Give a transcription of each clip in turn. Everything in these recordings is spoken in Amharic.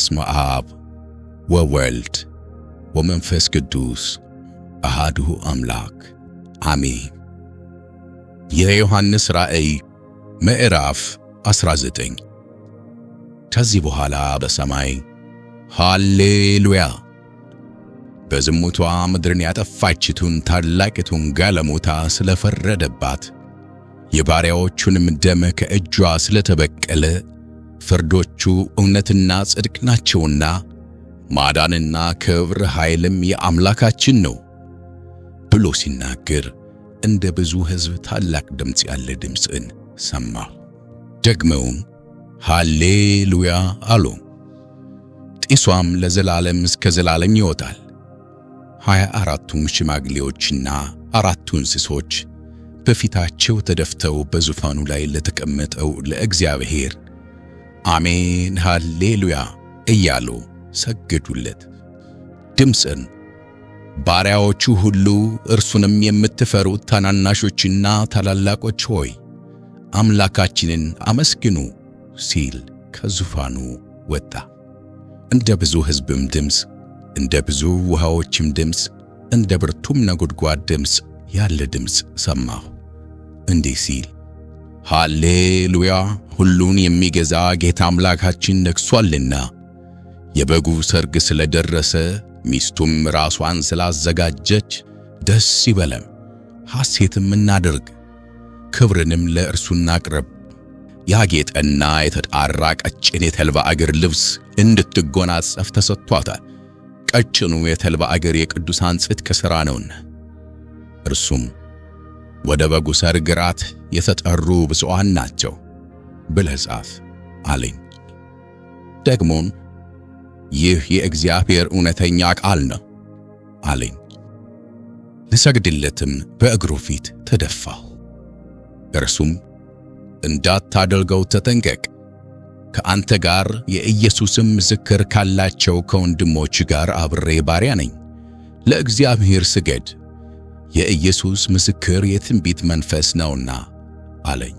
በስመ አብ ወወልድ ወመንፈስ ቅዱስ አሃድሁ አምላክ አሜን። የዮሐንስ ራእይ ምዕራፍ 19 ከዚህ በኋላ በሰማይ ሃሌሉያ በዝሙቷ ምድርን ያጠፋችቱን ታላቂቱን ጋለሞታ ስለፈረደባት የባሪያዎቹንም ደም ከእጇ ስለተበቀለ ፍርዶች መንገዶቹ እውነትና ጽድቅ ናቸውና ማዳንና ክብር ኃይልም የአምላካችን ነው ብሎ ሲናገር እንደ ብዙ ሕዝብ ታላቅ ድምፅ ያለ ድምፅን ሰማ። ደግመውም ሃሌሉያ አሉ። ጢሷም ለዘላለም እስከ ዘላለም ይወጣል። ሀያ አራቱም ሽማግሌዎችና አራቱ እንስሶች በፊታቸው ተደፍተው በዙፋኑ ላይ ለተቀመጠው ለእግዚአብሔር አሜን ሃሌሉያ እያሉ ሰገዱለት። ድምፅን ባሪያዎቹ ሁሉ እርሱንም የምትፈሩት ታናናሾችና ታላላቆች ሆይ አምላካችንን አመስግኑ ሲል ከዙፋኑ ወጣ። እንደ ብዙ ሕዝብም ድምፅ፣ እንደ ብዙ ውሃዎችም ድምፅ፣ እንደ ብርቱም ነጎድጓድ ድምፅ ያለ ድምፅ ሰማሁ እንዲህ ሲል ሃሌሉያ! ሁሉን የሚገዛ ጌታ አምላካችን ነግሷልና። የበጉ ሰርግ ስለደረሰ ሚስቱም ራሷን ስላዘጋጀች ደስ ይበለም፣ ሐሴትም እናድርግ፣ ክብርንም ለእርሱ እናቅርብ። ያጌጠና የተጣራ ቀጭን የተልባ እግር ልብስ እንድትጎናጸፍ ተሰጥቷታል። ቀጭኑ የተልባ እግር የቅዱሳን ጽድቅ ሥራ ነውና እርሱም ወደ በጉ ሰርግ ራት የተጠሩ ብፁዓን ናቸው ብለህ ጻፍ አለኝ። ደግሞም ይህ የእግዚአብሔር እውነተኛ ቃል ነው አለኝ። ልሰግድለትም በእግሩ ፊት ተደፋሁ። እርሱም እንዳታደርገው ተጠንቀቅ፣ ከአንተ ጋር የኢየሱስም ምስክር ካላቸው ከወንድሞች ጋር አብሬ ባሪያ ነኝ፣ ለእግዚአብሔር ስገድ የኢየሱስ ምስክር የትንቢት መንፈስ ነውና አለኝ።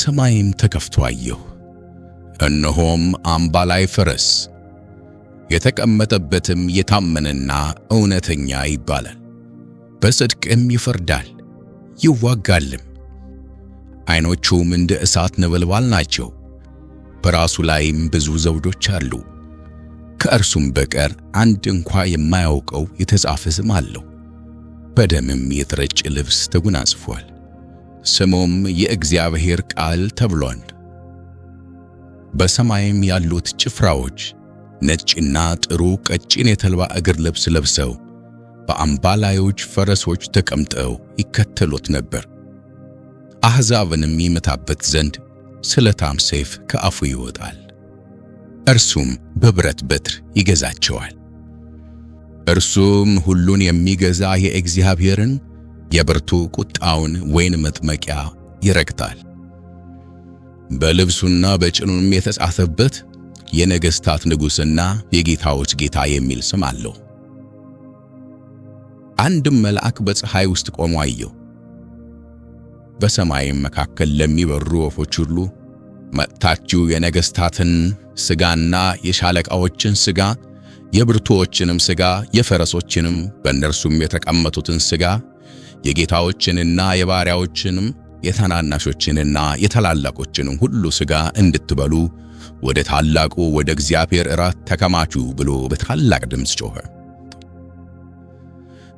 ሰማይም ተከፍቶ አየሁ፣ እነሆም ላይ ፈረስ፣ የተቀመጠበትም የታመነና እውነተኛ ይባላል፣ በጽድቅም ይፈርዳል ይዋጋልም። ዓይኖቹም እንደ እሳት ነበልባል ናቸው፣ በራሱ ላይም ብዙ ዘውዶች አሉ። ከእርሱም በቀር አንድ እንኳ የማያውቀው የተጻፈ ስም አለው። በደምም የተረጨ ልብስ ተጎናጽፏል። ስሙም የእግዚአብሔር ቃል ተብሏል። በሰማይም ያሉት ጭፍራዎች ነጭና ጥሩ ቀጭን የተልባ እግር ልብስ ለብሰው በአምባላዮች ፈረሶች ተቀምጠው ይከተሉት ነበር። አሕዛብንም ይመታበት ዘንድ ስለታም ሰይፍ ከአፉ ይወጣል። እርሱም በብረት በትር ይገዛቸዋል። እርሱም ሁሉን የሚገዛ የእግዚአብሔርን የብርቱ ቁጣውን ወይን መጥመቂያ ይረግጣል። በልብሱና በጭኑም የተጻፈበት የነገሥታት ንጉሥና የጌታዎች ጌታ የሚል ስም አለው። አንድም መልአክ በፀሐይ ውስጥ ቆሞ አየሁ። በሰማይም መካከል ለሚበሩ ወፎች ሁሉ መጥታችሁ የነገሥታትን ሥጋና የሻለቃዎችን ሥጋ የብርቱዎችንም ሥጋ የፈረሶችንም በእነርሱም የተቀመጡትን ሥጋ የጌታዎችንና የባሪያዎችንም የታናናሾችንና የታላላቆችንም ሁሉ ሥጋ እንድትበሉ ወደ ታላቁ ወደ እግዚአብሔር እራት ተከማቹ ብሎ በታላቅ ድምፅ ጮኸ።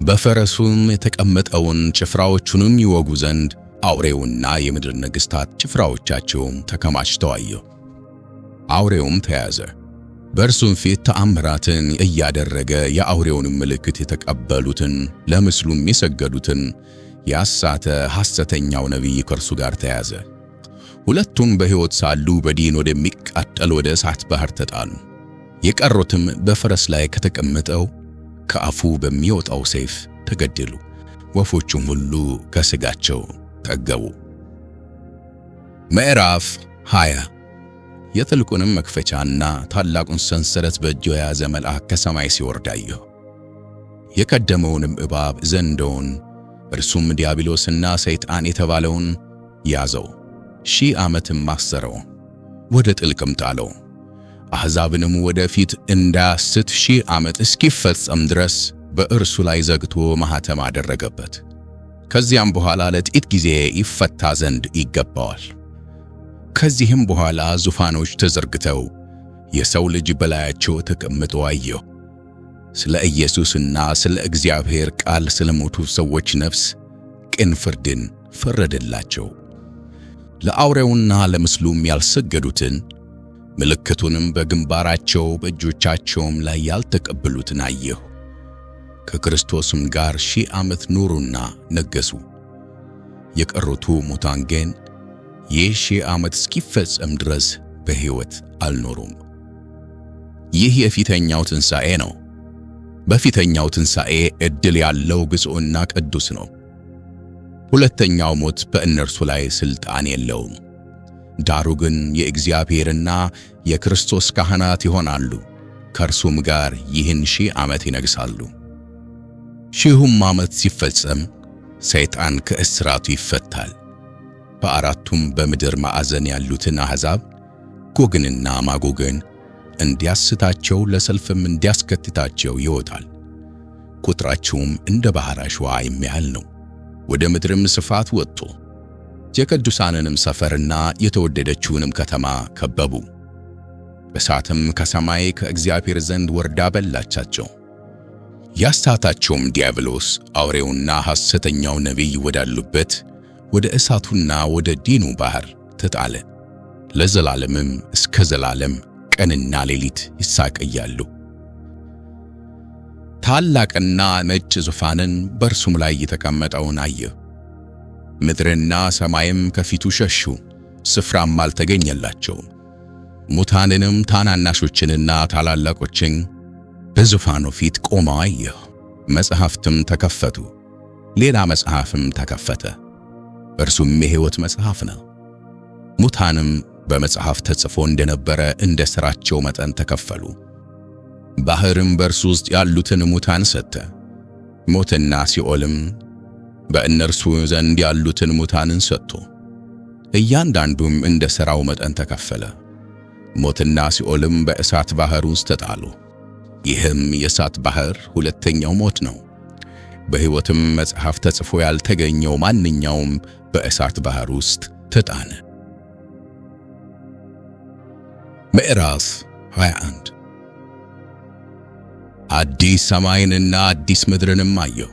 በፈረሱም የተቀመጠውን ጭፍራዎቹንም ይወጉ ዘንድ አውሬውና የምድር ነገሥታት ጭፍራዎቻቸውም ተከማችተው አየሁ። አውሬውም ተያዘ፣ በእርሱም ፊት ተአምራትን እያደረገ የአውሬውንም ምልክት የተቀበሉትን ለምስሉም የሰገዱትን ያሳተ ሐሰተኛው ነቢይ ከእርሱ ጋር ተያዘ። ሁለቱም በሕይወት ሳሉ በዲን ወደሚቃጠል ወደ እሳት ባሕር ተጣሉ። የቀሩትም በፈረስ ላይ ከተቀመጠው ከአፉ በሚወጣው ሰይፍ ተገደሉ። ወፎቹም ሁሉ ከሥጋቸው ጠገቡ። ምዕራፍ 20 የትልቁንም መክፈቻና ታላቁን ሰንሰለት በእጁ የያዘ መልአክ ከሰማይ ሲወርድ አየሁ። የቀደመውንም እባብ ዘንዶውን እርሱም ዲያብሎስና ሰይጣን የተባለውን ያዘው፣ ሺህ ዓመትም ማሰረው፣ ወደ ጥልቅም ጣለው። አሕዛብንም ወደ ፊት እንዳያስት ሺህ ዓመት እስኪፈጸም ድረስ በእርሱ ላይ ዘግቶ ማኅተም አደረገበት። ከዚያም በኋላ ለጥቂት ጊዜ ይፈታ ዘንድ ይገባዋል። ከዚህም በኋላ ዙፋኖች ተዘርግተው የሰው ልጅ በላያቸው ተቀምጦ አየሁ። ስለ ኢየሱስና ስለ እግዚአብሔር ቃል ስለ ሞቱ ሰዎች ነፍስ ቅን ፍርድን ፈረደላቸው። ለአውሬውና ለምስሉም ያልሰገዱትን ምልክቱንም በግንባራቸው በእጆቻቸውም ላይ ያልተቀበሉትን አየሁ። ከክርስቶስም ጋር ሺህ ዓመት ኖሩና ነገሱ። የቀሩቱ ሙታን ግን ይህ ሺህ ዓመት እስኪፈጸም ድረስ በሕይወት አልኖሩም። ይህ የፊተኛው ትንሣኤ ነው። በፊተኛው ትንሣኤ ዕድል ያለው ግጹዕና ቅዱስ ነው። ሁለተኛው ሞት በእነርሱ ላይ ሥልጣን የለውም። ዳሩ ግን የእግዚአብሔርና የክርስቶስ ካህናት ይሆናሉ፣ ከእርሱም ጋር ይህን ሺህ ዓመት ይነግሣሉ። ሺሁም ዓመት ሲፈጸም ሰይጣን ከእስራቱ ይፈታል። በአራቱም በምድር ማዕዘን ያሉትን አሕዛብ ጎግንና ማጎግን እንዲያስታቸው ለሰልፍም እንዲያስከትታቸው ይወጣል። ቁጥራቸውም እንደ ባሕር አሸዋ የሚያህል ነው። ወደ ምድርም ስፋት ወጥቶ የቅዱሳንንም ሰፈርና የተወደደችውንም ከተማ ከበቡ። እሳትም ከሰማይ ከእግዚአብሔር ዘንድ ወርዳ በላቻቸው። ያሳታቸውም ዲያብሎስ አውሬውና ሐሰተኛው ነቢይ ወዳሉበት ወደ እሳቱና ወደ ዲኑ ባሕር ተጣለ። ለዘላለምም እስከ ዘላለም ቀንና ሌሊት ይሳቀያሉ። ታላቅና ነጭ ዙፋንን በእርሱም ላይ የተቀመጠውን አየ። ምድርና ሰማይም ከፊቱ ሸሹ፣ ስፍራም አልተገኘላቸውም። ሙታንንም ታናናሾችንና ታላላቆችን በዙፋኑ ፊት ቆመው አየሁ። መጽሐፍትም ተከፈቱ፣ ሌላ መጽሐፍም ተከፈተ። እርሱም የሕይወት መጽሐፍ ነው። ሙታንም በመጽሐፍ ተጽፎ እንደነበረ እንደ ሥራቸው መጠን ተከፈሉ። ባሕርም በእርሱ ውስጥ ያሉትን ሙታን ሰጠ። ሞትና ሲኦልም በእነርሱ ዘንድ ያሉትን ሙታንን ሰጥቶ እያንዳንዱም እንደ ሥራው መጠን ተከፈለ። ሞትና ሲኦልም በእሳት ባሕር ውስጥ ተጣሉ። ይህም የእሳት ባህር ሁለተኛው ሞት ነው። በሕይወትም መጽሐፍ ተጽፎ ያልተገኘው ማንኛውም በእሳት ባህር ውስጥ ተጣነ። ምዕራፍ 21 አዲስ ሰማይንና አዲስ ምድርንም አየሁ፣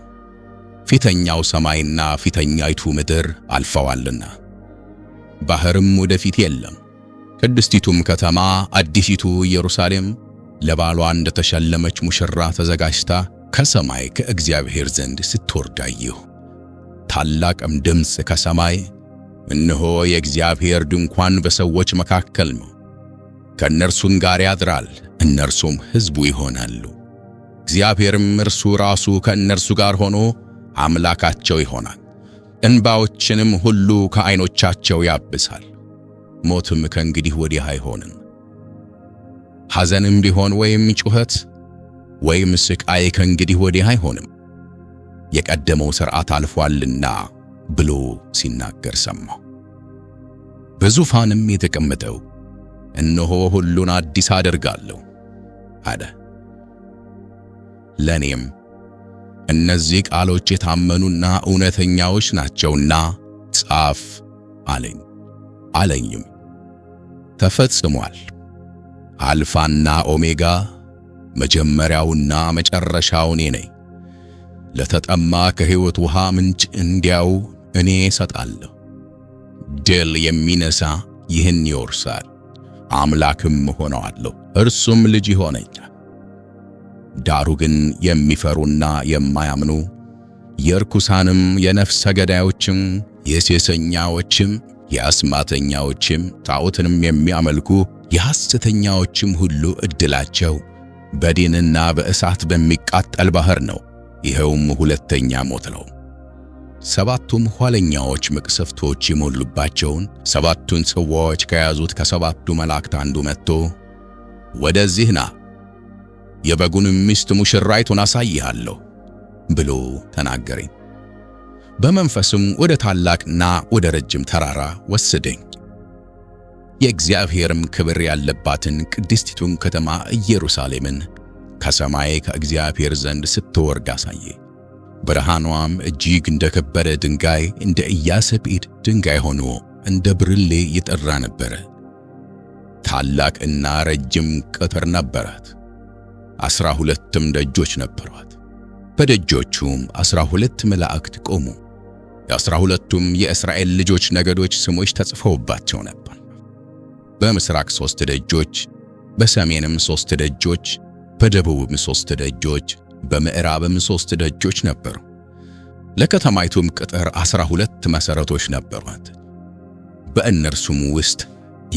ፊተኛው ሰማይና ፊተኛይቱ ምድር አልፈዋልና ባህርም ወደፊት የለም። ቅድስቲቱም ከተማ አዲሲቱ ኢየሩሳሌም ለባሏ እንደተሸለመች ሙሽራ ተዘጋጅታ ከሰማይ ከእግዚአብሔር ዘንድ ስትወርድ አየሁ። ታላቅም ድምፅ ከሰማይ እነሆ የእግዚአብሔር ድንኳን በሰዎች መካከል ነው፣ ከእነርሱም ጋር ያድራል፣ እነርሱም ሕዝቡ ይሆናሉ። እግዚአብሔርም እርሱ ራሱ ከእነርሱ ጋር ሆኖ አምላካቸው ይሆናል። እንባዎችንም ሁሉ ከዐይኖቻቸው ያብሳል። ሞትም ከእንግዲህ ወዲህ አይሆንም። ሐዘንም ቢሆን ወይም ጩኸት ወይም ስቃይ ከእንግዲህ ወዲህ አይሆንም የቀደመው ሥርዓት አልፏልና ብሎ ሲናገር ሰማሁ። በዙፋንም የተቀመጠው እነሆ ሁሉን አዲስ አደርጋለሁ አለ። ለእኔም እነዚህ ቃሎች የታመኑና እውነተኛዎች ናቸውና ጻፍ አለኝ አለኝም፣ ተፈጽሟል አልፋና ኦሜጋ መጀመሪያውና መጨረሻው እኔ ነኝ። ለተጠማ ከሕይወት ውሃ ምንጭ እንዲያው እኔ እሰጣለሁ። ድል የሚነሳ ይህን ይወርሳል፣ አምላክም ሆነዋለሁ፣ እርሱም ልጅ ይሆነኛል። ዳሩ ግን የሚፈሩና የማያምኑ የርኩሳንም የነፍሰ ገዳዮችም የሴሰኛዎችም የአስማተኛዎችም ጣዖትንም የሚያመልኩ የሐሰተኛዎችም ሁሉ ዕድላቸው በዲንና በእሳት በሚቃጠል ባሕር ነው። ይኸውም ሁለተኛ ሞት ነው። ሰባቱም ኋለኛዎች መቅሰፍቶች የሞሉባቸውን ሰባቱን ጽዋዎች ከያዙት ከሰባቱ መላእክት አንዱ መጥቶ ወደዚህ ና፣ የበጉንም ሚስት ሙሽራይቱን አሳይሃለሁ ብሎ ተናገረኝ። በመንፈስም ወደ ታላቅና ወደ ረጅም ተራራ ወሰደኝ። የእግዚአብሔርም ክብር ያለባትን ቅድስቲቱን ከተማ ኢየሩሳሌምን ከሰማይ ከእግዚአብሔር ዘንድ ስትወርድ አሳየ። ብርሃኗም እጅግ እንደ ከበረ ድንጋይ እንደ ኢያሰጲድ ድንጋይ ሆኖ እንደ ብርሌ የጠራ ነበረ። ታላቅ እና ረጅም ቅጥር ነበራት። ዐሥራ ሁለትም ደጆች ነበሯት። በደጆቹም ዐሥራ ሁለት መላእክት ቆሙ። የዐሥራ ሁለቱም የእስራኤል ልጆች ነገዶች ስሞች ተጽፈውባቸው ነበር። በምስራቅ ሶስት ደጆች፣ በሰሜንም ሶስት ደጆች፣ በደቡብም ሶስት ደጆች፣ በምዕራብም ሶስት ደጆች ነበሩ። ለከተማይቱም ቅጥር ዐሥራ ሁለት መሠረቶች ነበሯት። በእነርሱም ውስጥ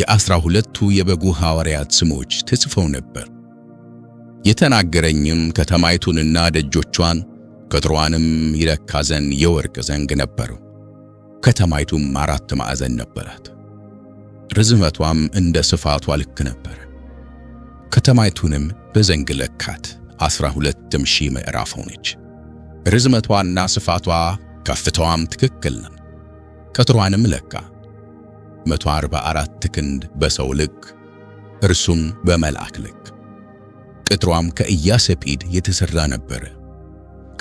የዐሥራ ሁለቱ የበጉ ሐዋርያት ስሞች ተጽፈው ነበር። የተናገረኝም ከተማይቱንና ደጆቿን ቅጥሯንም ይለካ ዘንድ የወርቅ ዘንግ ነበረው። ከተማይቱም አራት ማዕዘን ነበራት። ርዝመቷም እንደ ስፋቷ ልክ ነበር። ከተማይቱንም በዘንግ ለካት፣ ዐሥራ ሁለትም ሺህ ምዕራፍ ሆነች። ርዝመቷና ስፋቷ ከፍታዋም ትክክል ነው። ቅጥሯንም ለካ 144 ክንድ በሰው ልክ እርሱም በመልአክ ልክ። ቅጥሯም ከኢያሰጲድ የተሠራ ነበረ።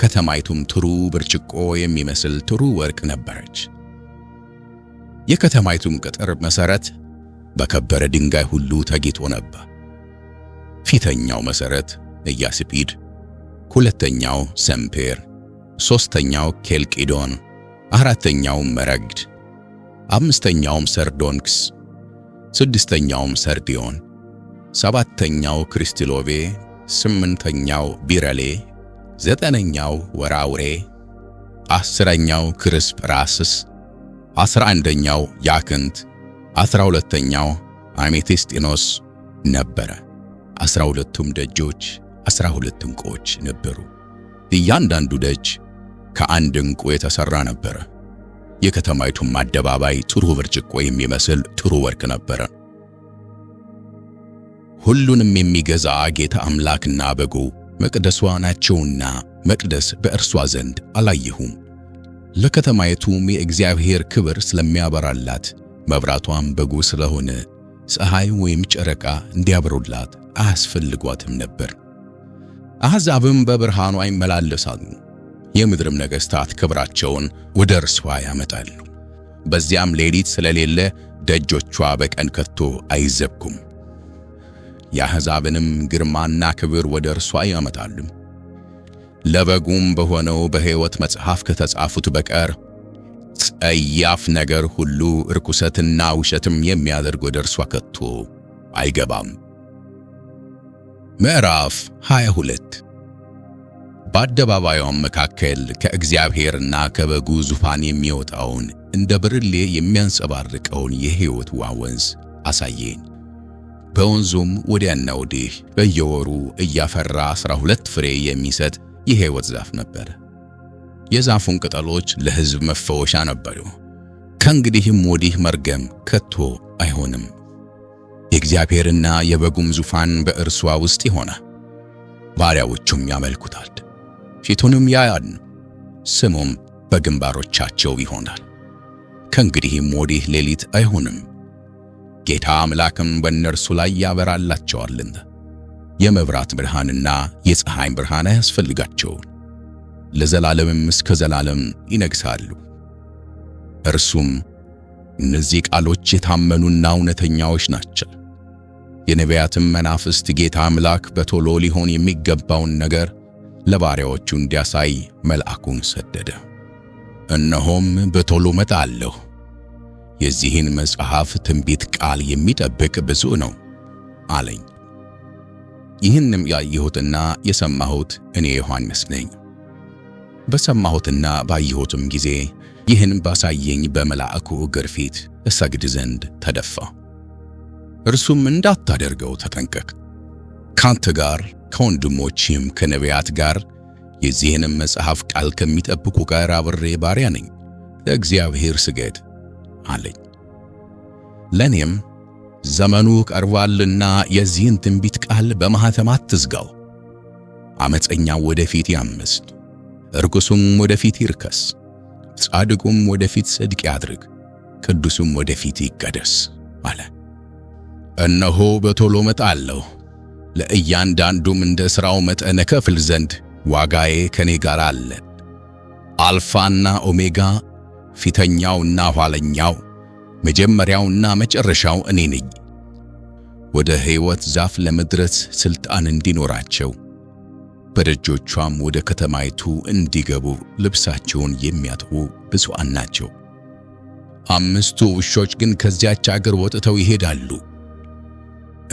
ከተማይቱም ትሩ ብርጭቆ የሚመስል ትሩ ወርቅ ነበረች። የከተማይቱም ቅጥር መሠረት በከበረ ድንጋይ ሁሉ ተጌጦ ነበር። ፊተኛው መሠረት ኢያስጲድ፣ ሁለተኛው ሰምፔር፣ ሦስተኛው ኬልቂዶን፣ አራተኛው መረግድ፣ አምስተኛውም ሰርዶንክስ፣ ስድስተኛውም ሰርዲዮን፣ ሰባተኛው ክሪስቲሎቬ፣ ስምንተኛው ቢረሌ፣ ዘጠነኛው ወራውሬ፣ አስረኛው ክርስጵራስስ፣ አስራ አንደኛው ያክንት አስራ ሁለተኛው አሜቴስጢኖስ ነበረ። አስራ ሁለቱም ደጆች አስራ ሁለት እንቁዎች ነበሩ። እያንዳንዱ ደጅ ከአንድ እንቁ የተሠራ ነበረ። የከተማይቱም አደባባይ ጥሩ ብርጭቆ የሚመስል ጥሩ ወርቅ ነበረ። ሁሉንም የሚገዛ ጌታ አምላክና በጉ መቅደሷ ናቸውና መቅደስ በእርሷ ዘንድ አላየሁም። ለከተማይቱም የእግዚአብሔር ክብር ስለሚያበራላት መብራቷን በጉ ስለሆነ ፀሐይ ወይም ጨረቃ እንዲያበሩላት አያስፈልጓትም ነበር። አሕዛብም በብርሃኗ ይመላለሳሉ፣ የምድርም ነገሥታት ክብራቸውን ወደ እርሷ ያመጣሉ። በዚያም ሌሊት ስለሌለ ደጆቿ በቀን ከቶ አይዘጉም። የአሕዛብንም ግርማና ክብር ወደ እርሷ ያመጣሉ። ለበጉም በሆነው በሕይወት መጽሐፍ ከተጻፉት በቀር ያፍ ነገር ሁሉ ርኩሰትና ውሸትም የሚያደርግ ወደ እርሷ ከቶ አይገባም። ምዕራፍ 22 በአደባባዩም መካከል ከእግዚአብሔርና ከበጉ ዙፋን የሚወጣውን እንደ ብርሌ የሚያንጸባርቀውን የሕይወት ውሃ ወንዝ አሳየኝ። በወንዙም ወዲያና ወዲህ በየወሩ እያፈራ ዐሥራ ሁለት ፍሬ የሚሰጥ የሕይወት ዛፍ ነበር። የዛፉን ቅጠሎች ለሕዝብ መፈወሻ ነበሩ። ከእንግዲህም ወዲህ መርገም ከቶ አይሆንም። የእግዚአብሔርና የበጉም ዙፋን በእርሷ ውስጥ ይሆነ፣ ባሪያዎቹም ያመልኩታል፣ ፊቱንም ያያን፣ ስሙም በግንባሮቻቸው ይሆናል። ከእንግዲህም ወዲህ ሌሊት አይሆንም። ጌታ አምላክም በእነርሱ ላይ ያበራላቸዋልና የመብራት ብርሃንና የፀሐይ ብርሃን አያስፈልጋቸውም። ለዘላለምም እስከ ዘላለም ይነግሳሉ። እርሱም እነዚህ ቃሎች የታመኑና እውነተኛዎች ናቸው። የነቢያትም መናፍስት ጌታ አምላክ በቶሎ ሊሆን የሚገባውን ነገር ለባሪያዎቹ እንዲያሳይ መልአኩን ሰደደ። እነሆም በቶሎ መጣለሁ። የዚህን መጽሐፍ ትንቢት ቃል የሚጠብቅ ብዙ ነው አለኝ። ይህንም ያየሁትና የሰማሁት እኔ ዮሐንስ ነኝ። በሰማሁትና ባየሁትም ጊዜ ይህን ባሳየኝ በመልአኩ እግር ፊት እሰግድ ዘንድ ተደፋ። እርሱም እንዳታደርገው ተጠንቀቅ፣ ካንተ ጋር ከወንድሞችም ከነቢያት ጋር የዚህንም መጽሐፍ ቃል ከሚጠብቁ ጋር አብሬ ባሪያ ነኝ፣ ለእግዚአብሔር ስገድ አለኝ። ለእኔም ዘመኑ ቀርቧልና የዚህን ትንቢት ቃል በማኅተም አትዝጋው፣ ዓመፀኛው ወደፊት ያምስት ርኩሱም ወደፊት ይርከስ፣ ጻድቁም ወደፊት ጽድቅ ያድርግ፣ ቅዱሱም ወደፊት ይቀደስ አለ። እነሆ በቶሎ መጣለሁ፣ ለእያንዳንዱም እንደ ሥራው መጠን ከፍል ዘንድ ዋጋዬ ከኔ ጋር አለ። አልፋና ኦሜጋ፣ ፊተኛውና ኋለኛው፣ መጀመሪያውና መጨረሻው እኔ ነኝ። ወደ ሕይወት ዛፍ ለመድረስ ሥልጣን እንዲኖራቸው በደጆቿም ወደ ከተማይቱ እንዲገቡ ልብሳቸውን የሚያጥቡ ብፁዓን ናቸው። አምስቱ ውሾች ግን ከዚያች አገር ወጥተው ይሄዳሉ።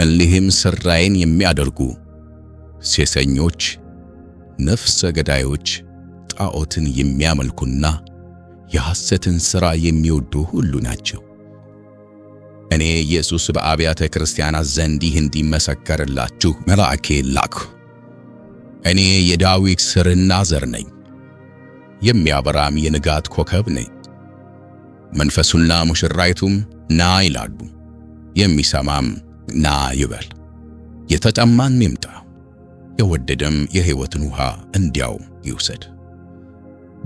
እሊህም ስራይን የሚያደርጉ ሴሰኞች፣ ነፍሰ ገዳዮች፣ ጣዖትን የሚያመልኩና የሐሰትን ሥራ የሚወዱ ሁሉ ናቸው። እኔ ኢየሱስ በአብያተ ክርስቲያናት ዘንድ ይህ እንዲመሰከርላችሁ መልአኬ ላክሁ። እኔ የዳዊት ሥርና ዘር ነኝ፣ የሚያበራም የንጋት ኮከብ ነኝ። መንፈሱና ሙሽራይቱም ና ይላሉ፣ የሚሰማም ና ይበል። የተጠማም ይምጣ፣ የወደደም የሕይወትን ውሃ እንዲያው ይውሰድ።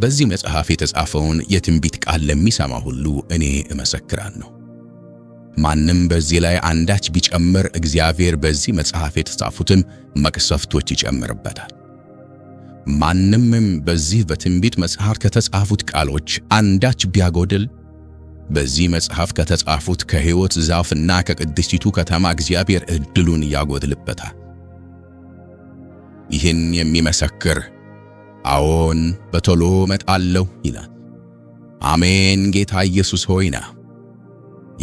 በዚህ መጽሐፍ የተጻፈውን የትንቢት ቃል ለሚሰማ ሁሉ እኔ እመሰክራለሁ። ማንም በዚህ ላይ አንዳች ቢጨምር እግዚአብሔር በዚህ መጽሐፍ የተጻፉትን መቅሰፍቶች ይጨምርበታል። ማንምም በዚህ በትንቢት መጽሐፍ ከተጻፉት ቃሎች አንዳች ቢያጎድል በዚህ መጽሐፍ ከተጻፉት ከሕይወት ዛፍና ከቅድስቲቱ ከተማ እግዚአብሔር ዕድሉን ያጎድልበታል። ይህን የሚመሰክር አዎን በቶሎ መጣለሁ ይላል። አሜን ጌታ ኢየሱስ ሆይ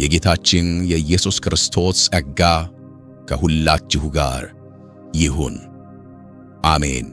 የጌታችን የኢየሱስ ክርስቶስ ጸጋ ከሁላችሁ ጋር ይሁን። አሜን።